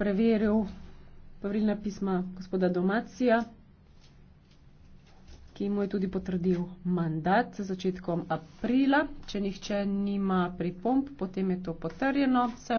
preveril pravilna pisma gospoda Domacija, ki mu je tudi potrdil mandat začetkom aprila. Če nihče nima pripomp, potem je to potrjeno.